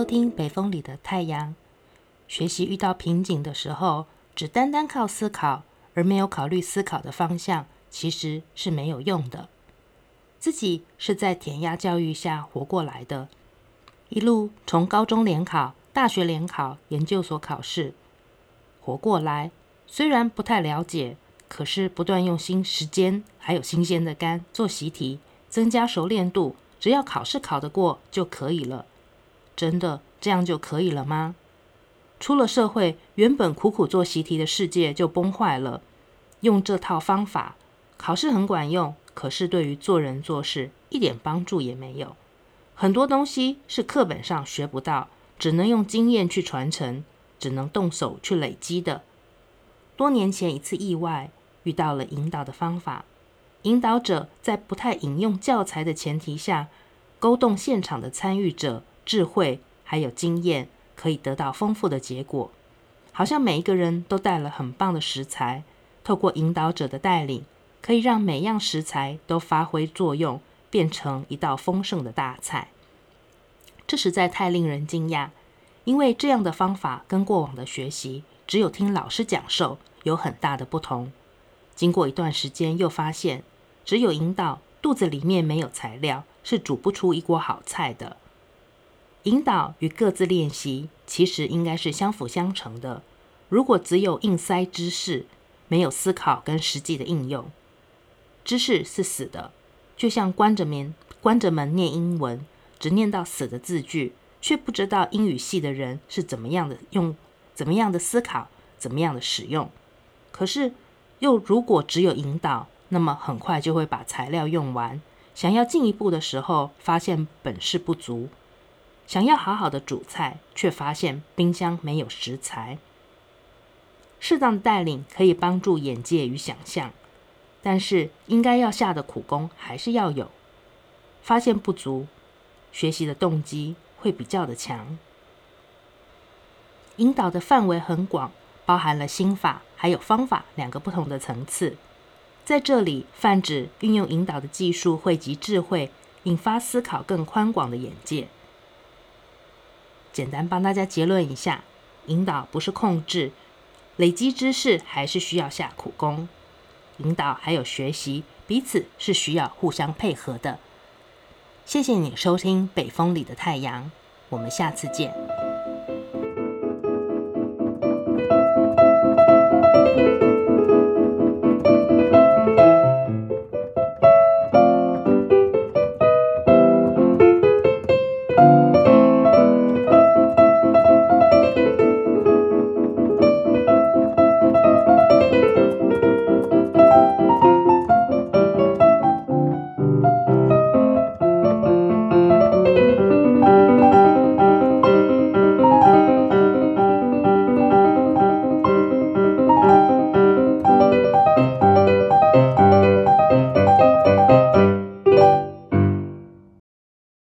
收聽北風裡的太陽。學習遇到瓶頸的時候，只單單靠思考，而沒有考慮思考的方向，其實是沒有用的。自己是在填鴨教育下活過來的，一路從高中聯考、大學聯考、研究所考試活過來。雖然不太了解，可是不斷用心、時間還有新鮮的肝做習題，增加熟練度。只要考試考得過就可以了。真的這樣就可以了嗎？出了社會，原本苦苦做習題的世界就崩壞了。用這套方法考試很管用，可是對於做人做事一點幫助也沒有。很多東西是課本上學不到，只能用經驗去傳承，只能動手去累積的。多年前一次意外，遇到了引導的方法，引導者在不太引用教材的前提下，勾動現場的參與者。智慧還有經驗，可以得到豐富的結果。好像每一個人都帶了很棒的食材，透過引導者的帶領，可以讓每樣食材都發揮作用，變成一道豐盛的大菜。這實在太令人驚訝，因為這樣的方法跟過往的學習，只有聽老師講授，有很大的不同。經過一段時間，又發現，只有引導，肚子裡面沒有材料，是煮不出一鍋好菜的。引導與各自練習，其實應該是相輔相成的。如果只有硬塞知識，沒有思考跟實際的應用，知識是死的，就像關着門、關着門念英文，只念到死的字句，卻不知道英語系的人是怎麼樣的用、怎麼樣的思考、怎麼樣的使用。可是，又如果只有引導，那麼很快就會把材料用完，想要進一步的時候，發現本事不足。想要好好的煮菜，却發現冰箱沒有食材。適當的帶領可以幫助眼界與想象，但是應該要下的苦功還是要有。發現不足，學習的動機會比較的強。引導的範圍很廣，包含了心法還有方法兩個不同的層次，在這裡泛指運用引導的技術，汇集智慧，引發思考，更寬廣的眼界。簡單幫大家結論一下：引導不是控制，累積知識還是需要下苦功。引導還有學習，彼此是需要互相配合的。謝謝你收聽《北風裡的太陽》，我們下次見。